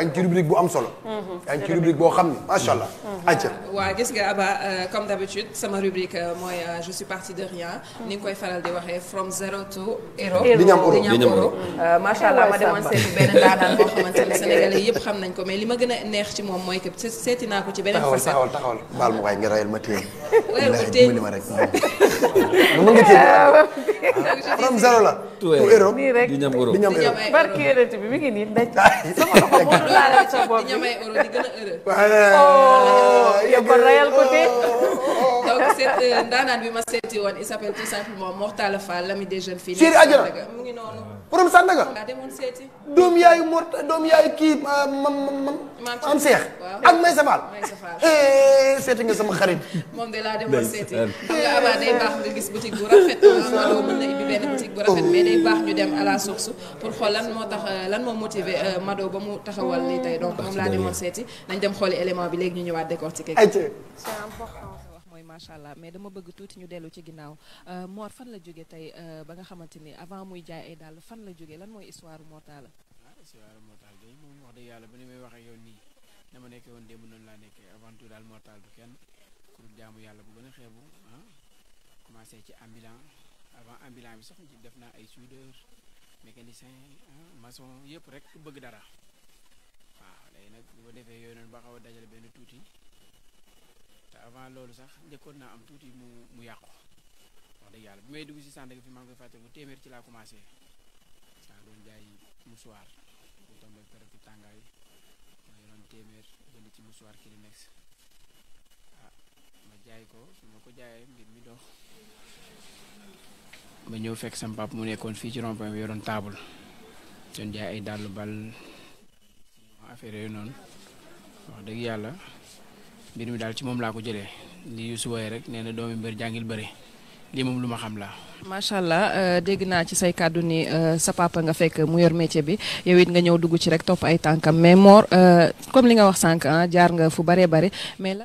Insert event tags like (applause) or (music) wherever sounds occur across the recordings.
yaa ngi ci bu am solo. Mhm. yaa ngi ci boo xam ne macha allah. Mhm. acca waaw gis nga Aba euh, comme d'habitude sama rubrique euh, mooy euh, je suis parti de rien. Mhm. ni nga koy faral di waxee from zero to di ñam euro di ñam euro. macha allah ma demoon seeti benn daanaan boo xamante (laughs) yëpp xam nañ ko mais li ma gën a neex ci moom mooy que seeti naa ko ci beneen facette. taxawal taxawal taxawal baal ma waaye nga rayal ma téye. rayal (laughs) ma téye mu ma rek. mën nga cee from zero la. to hero nii rek di ñam euro di ñam euro. barki yonent bi mi ngi nii daj. sama loxo bu mu laalee sa bopp bi. di ñam ay euro di gën a heureux. yow ko rayal ko tee. kooku seet ndaanaan bi ma seeti woon il s'appelle tout simplement Mortala Fall l'ami des jeunes filles. Chéri Adjana mu ngi noonu. borom Sandaga. waaw demoon seeti. doom yaayu Morta doom yaayu kii euh, mam mam mam Seex ak Maysa Fall. Maysa Fall eh, seeti nga sama xarit. moom de laa demoon seeti. xam nga abaa day baax nga gis boutique bu rafet. Amadou ah, mën na ibbi benn boutique bu rafet mais day baax ñu dem à la source pour xool lan moo tax euh, lan moo motiver euh, Mado ba mu taxawal lii tey donc moom laa demoon seeti nañ dem xooli élément bi léegi ñu ñëwaat décortiquer. c'est important. macha allah mais dama bëgg tuuti ñu dellu ci ginnaaw euh, Mor fan la jóge tey euh, ba nga xamante ni avant muy jaay ay dàll fan la jóge lan mooy histoire Mor Talla. Ah, waaw histoire Mor Talla moom wax dëgg yàlla ba ni may waxee yoon yow nii dama nekkee woon démb noonu laa nekkee avant tout daal Mor bu du kenn pour jaamu yàlla bu gën a xeebu ah commencé ci ambulant avant ambulant bi sax def naa ay soudeur mécanicien ah, mason yëpp rek bëgg dara waaw léegi nag bu defee yooyu noonu a dajale benn tuuti. avant loolu sax njëkkoon naa am tuuti mu mu yàqu wax dëgg yàlla bi may dugg si Sandaga fi maa ngi koy fàtte bu téeméer ci laa commencé waaw doon jaay musuwaar bu tombé tàngaay ma téeméer ci musuwaar Kleenex ah ma jaay ko su ma ko jaayee mbir mi dox ma ñëw fekk sam pap mu nekkoon fii ci rond-point bi doon jaay ay dàllu bal affaire yooyu noonu wax dëgg yàlla mbir mi daal ci moom laa ko jëlee li yu su waye rek nee na doomi mbër jàngil bëre lii moom lu ma xam laa. macha allah euh, dégg naa ci say kàddu ni euh, sa papa nga fekk mu yor métier bi yow it nga ñëw dugg ci rek topp ay tànkam mais Mor euh, comme li nga wax sànq ah, jaar nga fu baree bare mais la.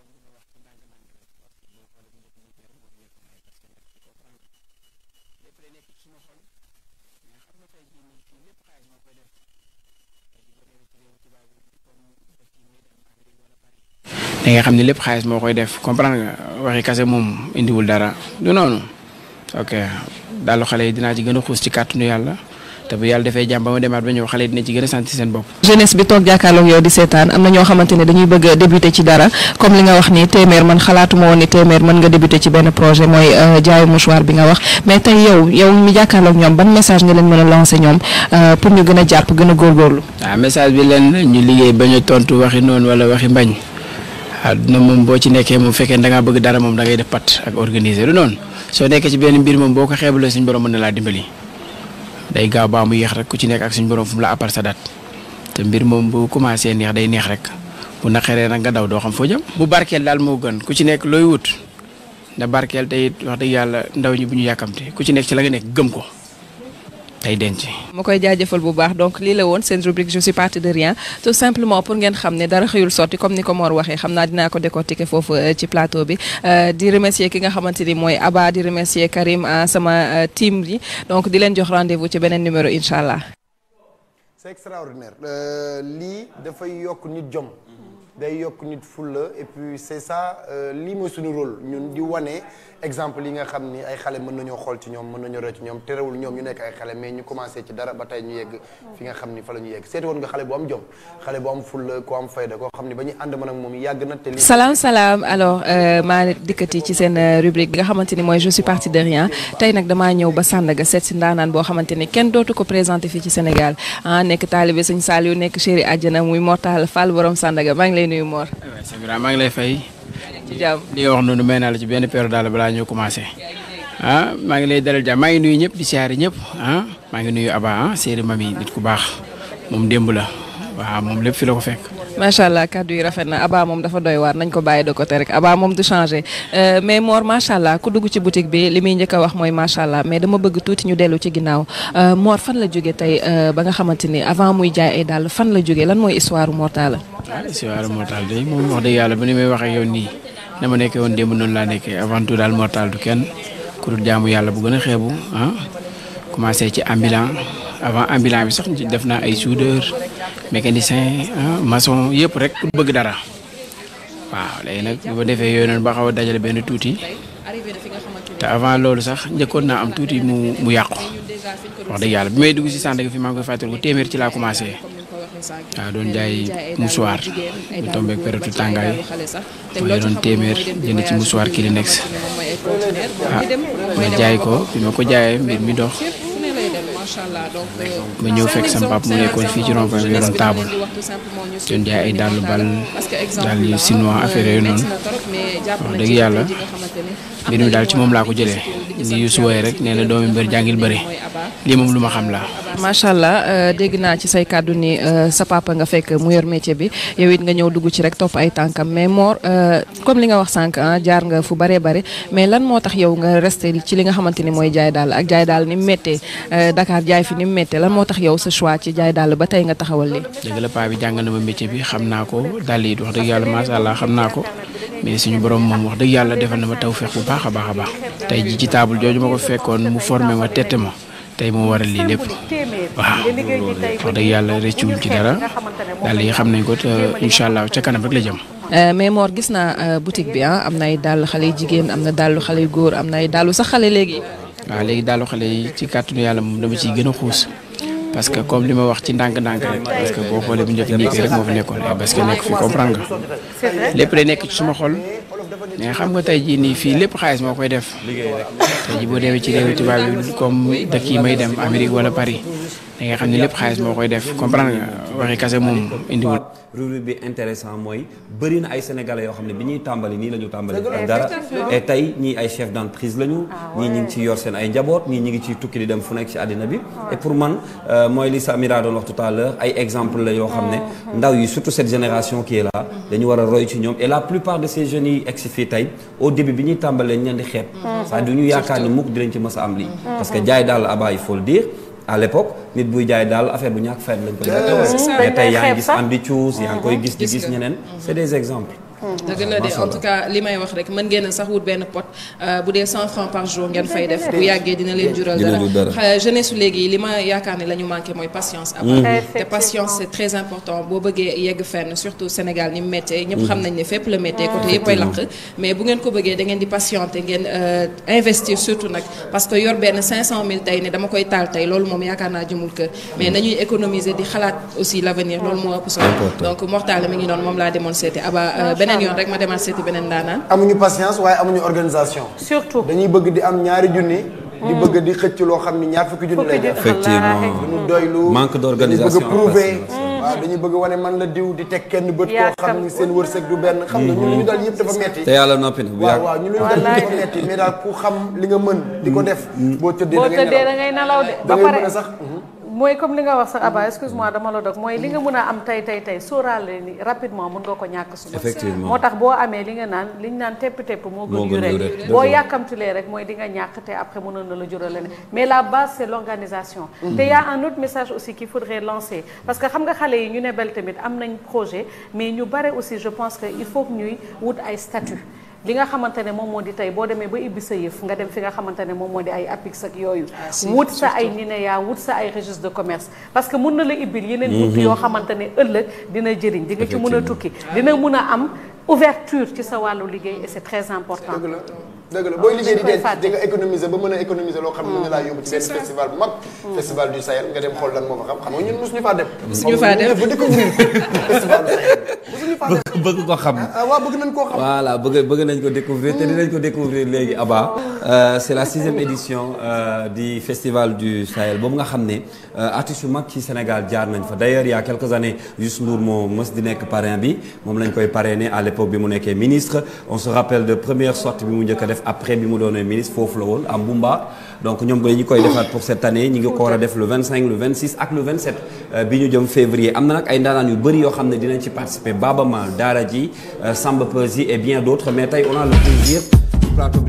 comme li ma wax ci ndànk-ndànk rek parce que boo xoolee bu xam nga tey jii nii lépp xaalis moo koy def tey jii boo demee nga xam ne lépp xaalis moo koy def comprendre nga waxi kase moom indiwul dara du noonu ok daal xale yi dinaa ci gën a xuus ci kàttanu yàlla te bu yàlla defee jàmm ba demaat ba ñëw xale dina ci gën a sant seen bopp. jeunesse bi toog jàkkaarloog yow di seetaan am na ñoo xamante ne dañuy bëgg a débuter ci dara comme li nga wax ni téeméer man xalaatuma woon ni téeméer mën nga débuter ci benn projet mooy euh, jaayu mouchoir bi nga wax mais tey yow yow mi jàkkaarloog ñoom ban message nga leen mën a lancer ñoom euh, pour ñu gën a jàpp gën a góorgóorlu. waaw ah, message bi leen ñu liggéey bañ tontu waxi noonu da ngaa da ngay def pat ak organiser du boo ko xeebalee na laa dimbali day gaaw baa mu yéex rek ku ci nekk ak suñ borom fu mu la appal sa date te mbir moom bu commencé neex day neex rek bu naqaree nag nga daw doo xam foo jëm. bu barkeel daal moo gën ku ci nekk looy wut na barkeel day wax dëgg yàlla ndaw ñi bu ñu yàkkamtee ku ci nekk ci la nga nekk gëm ko. ay denc. ma koy jaajëfal bu baax donc lii la woon seen rubrique je suis parti de rien tout simplement pour ngeen xam ne dara xëyul sotti comme ni ko Mor waxee xam naa dinaa ko décortiquer foofu euh, ci plateau bi euh, di remercier ki nga xamante ni mooy Aba di remercier Karim euh, sama team yi donc di leen jox rendez-vous ci beneen numéro incha allah. c'est extraordinaire lii dafay yokk nit jom. day yokk nit fulla et puis c'est ça euh, lii mooy suñu rôle ñun di wane exemple yi nga xam ni ay xale mën nañoo xool ci ñoom mën nañoo roy ci ñoom terewul ñoom ñu nekk ay xale mais ñu commencé ci dara ba tey ñu yegg fi nga xam ni fa la ñu yegg seeti woon nga xale bu am jom xale bu am fulla ku am fayda koo xam ni ba ñuy ànd man ak moom yàgg na te lii salaam salaam alors euh, maa dikkati ci seen euh, rubrique nga xamante ni mooy je suis parti de rien tey nag damaa ñëw ba Sandaga seet si ndaanaan boo xamante ni kenn dootu ko présenté fii ci Sénégal ah nekk taalibe sëñ Saliou nekk chéri àjjana muy Mortal Fall borom Sandaga maa nuyu Mor. waaw maa ngi lay fay. ci jàmm li nga noonu may naa la ci benn paire daal balaa ñoo commencé. ah maa ngi lay dalal jàmm maa ngi nuyu ñëpp di siyaare ñëpp ah maa ngi nuyu Aba ah séeri mami nit ku baax moom démb la. waaw moom lépp fi la ko fekk. macha allah kàddu yi rafet na Aba moom dafa doy waar nañ ko bàyyi de côté rek Aba moom du changé euh, mais Mor macha allah ku dugg ci boutique bi li muy njëkk a wax mooy macha allah mais dama bëgg tuuti ñu dellu ci ginnaaw euh, Mor fan la jóge tey euh, ba nga xamante ni avant muy jaay ay dàll fan la jóge lan mooy histoire Mor Talla. Ah, waaw histoire Mor Talla day moom wax dëgg yàlla bu ni may waxee yoon yow nii na ma nekkee woon démb noonu laa nekkee avant tout daal Mor du kenn ku dul jaamu yàlla bu a xeebu ah commencé ci ambulant avant ambulant bi sax def naa ay soudeur mécanicien maçon yëpp rek ku bëgg dara waaw léegi nag bu ko defee yooyu noonu ba xaw a dajale benn tuuti te avant loolu sax njëkkoon na am tuuti mu mu yàqu wax dëgg yàlla bi may dugg si Sandaga fi maa ngi koy fàttaliku téeméer ci laa commencé. waaw doon jaay mouchoir bu tombé ak tàngaay ma ngi doon téeméer jënd ci mouchoir Kleenex ah ma jaay ko bi ma ko jaayee mbir mi dox. ma euh, ñëw fekk sama papa mu nekkoon fii ci rond-point bi yoroon table doon jaay ay dàllu bal daal yu chinois euh, affaire yooyu noonu wax dëgg yàlla mbir mi daal ci moom laa ko jëlee ni Youssou wooye rek nee na doomi mbër jàngil bëri lii moom lu ma xam la macha allah euh, dégg naa ci say kàddu ni euh, sa papa nga fekk mu yor métier bi yow it nga ñëw dugg ci rek topp ay tànkam mais Mor euh, comme li nga wax sànq ah, jaar nga fu bare bare mais lan moo tax yow nga resté ci li nga xamante ni mooy jaay daal ak jaay daal ni mu méttee Dakar jaay fi ni mu méttee tax yow sa choix ci jaay daal ba tey nga taxawal lii. dëgg la paa bi jàngal na ma métier bi xam naa ko daal yi wax dëgg yàlla macha allah xam naa ko mais suñu borom moom wax dëgg yàlla defal na ma taw tawfeex bu baax a baax a baax tey ji ci table jooju ma ko fekkoon mu formé ma tette ma tey moo a lii lépp waaw wax dëgg yàlla rëccuwuñ ci dara daal yi xam nañ ko te incha allah ca kanam rek la jëm. Euh, mais Mor gis naa euh, boutique bi ah am na ay dàll xale yu jigéen am na dàllu xale yu góor am na ay sax xale léegi. waa léegi dàllu xale yi ci kàttanu yàlla moom dama ciy gën a xuus parce que comme li ma wax ci ndànk-ndànk rek parce que boo xoolee bu njëkk nii rek moo fi nekkoon parce que nekk fi comprendre nga lépp day nekk ci suma xol. mais xam nga tey jii nii fii lépp xaalis moo koy def tey ji boo demee ci réewu tubaab yi comme dëkk yi may dem Amérique wala Paris da nga xam ne lépp koy def comprendre nga waxi kase moom indiwul. na ay sénégalais yoo xam ne bi ñuy tàmbali nii la ñu tàmbali ak dara et tey ay chef d'entreprise la ñu ah ñii ñu ngi ci yor seen ay njaboot ñii ñu ngi ciy tukki di dem fu nekk ci àddina bi ah et pour man euh, mooy li Samira doon wax tout ay exemple la yoo xam ne ah ndaw yi surtout cette génération qui la là dañu war a roy ci ñoom et la plupart de ces jeunes fii tey au début bi ñuy tàmbali lañ leen di xeeb cest ñu yaakaar ni mukk dinañ ci mës a am lii parce que jaay daal abaa il faut dire à l'époque nit buy jaay daal affaire bu ñàkk fayda lañ ko. mais tey yaa ngi gis ambi cuus yaa ngi koy ah, gis di gis ñeneen mm-hmm. c'est des exemples. Mm-hmm. dëgg la de en tout cas li may wax rek mën ngeen sax wut benn pot euh, bu dee 100 par jour ngeen fay def bu yàggee dina leen jural dara jeunesse su léegi li ma yaakaar ne la ñu mooy patience après mm-hmm. te patience c'est très important boo bëggee yegg fenn surtout Sénégal ni mu méttee xam mm-hmm. nañ ne fépp la méttee côté yëpp ay lakk mais bu ngeen ko bëggee da di patienter ngeen euh, investir surtout nag parce que yor benn tey ne dama koy taal tey loolu moom yaakaar beneen yoon rek ma demal seeti beneen daanaan. amuñu patience waaye amuñu organisation. surtout dañuy bëgg di am ñaari junni. di hmm. bëgg di xëcc loo xam ni ñaar fukki junni lay def. effectivement dañu hmm. doylu manque d'organisation dañu bëgg prouver. Hmm. waaw dañuy bëgg wane man la diw di te kenn bët koo xam ni seen wërsëg du benn xam nga ñun lu ñu dal yëpp dafa metti te yàlla noppi na bu yàgg waaw ñun lu dal metti mais daal ku xam li nga mën di ko def boo tëddee da ngay nelaw de ba pare mooy comme li nga wax sax Aba mm-hmm. excuse-moi dama la dog mooy li nga mën a am tey tey tey sóoraale ni rapidement mun nga ko ñàkk suba. effectivement moo tax boo amee li nga naan li ñu naan tepp tepp moo gën yu rek boo yàkkamtulee rek mooy di nga ñàkk te après mënoon na la jural leneen mais la base c'est l'organisation mm-hmm. te y un autre message aussi qu'il faudrait lancer parce que xam nga xale yi ñu ne bel tamit am nañ projet mais ñu bare aussi je pense que il faut que ñuy wut li nga xamante ne moom moo di tey boo demee ba ibbi sa yëf nga dem fi nga xamante ne moom moo di ay apix ak yooyu ah, wut sa ay NINEA wut sa ay registre de commerce parce que mun na la ibbil yeneen bunt mhm. yoo xamante ne ëllëg dina jëriñ di nga ci mën a tukki dina mun a am ouverture ci sa wàllu liggéey et c'est très important dëgg booy liggéey di denc di nga économiser ba mën a économiser loo xam ne na laa yóbbu ci benn festival bu mag festival du Sahel nga dem xool lan moo fa xam xam nga ñun mosuñu faa dem mosuñu faa dem ba découvrir festival bëgg xam ah, ah, waaw bëgg nañ bëgg nañ ko découvrir te dinañ ko découvrir léegi Abba euh, c'est la sixième édition euh, di festival du Sahel boobu nga xam ne euh, artistes yu mag ci Sénégal jaar nañ fa d'ailleurs il y a quelques années Youssou Ndour moo mës di nekk parrain bi moom lañ koy parrainer à l'époque bi mu nekkee ministre on se rappelle de mu njëkk def def après bi mu doonee ministre foofu la woon à Bumba donc ñoom dañu koy defaat pour cette année ñi ngi ko a def le 25 le 26 ak le 27 euh, bi ñu jëm février am na nag ay ndaanaan yu bëri yoo xam ne dinañ ci participer Baba Maal Daara J euh, Samba Peuzzi et bien d'autres mais tey on a le plaisir plateau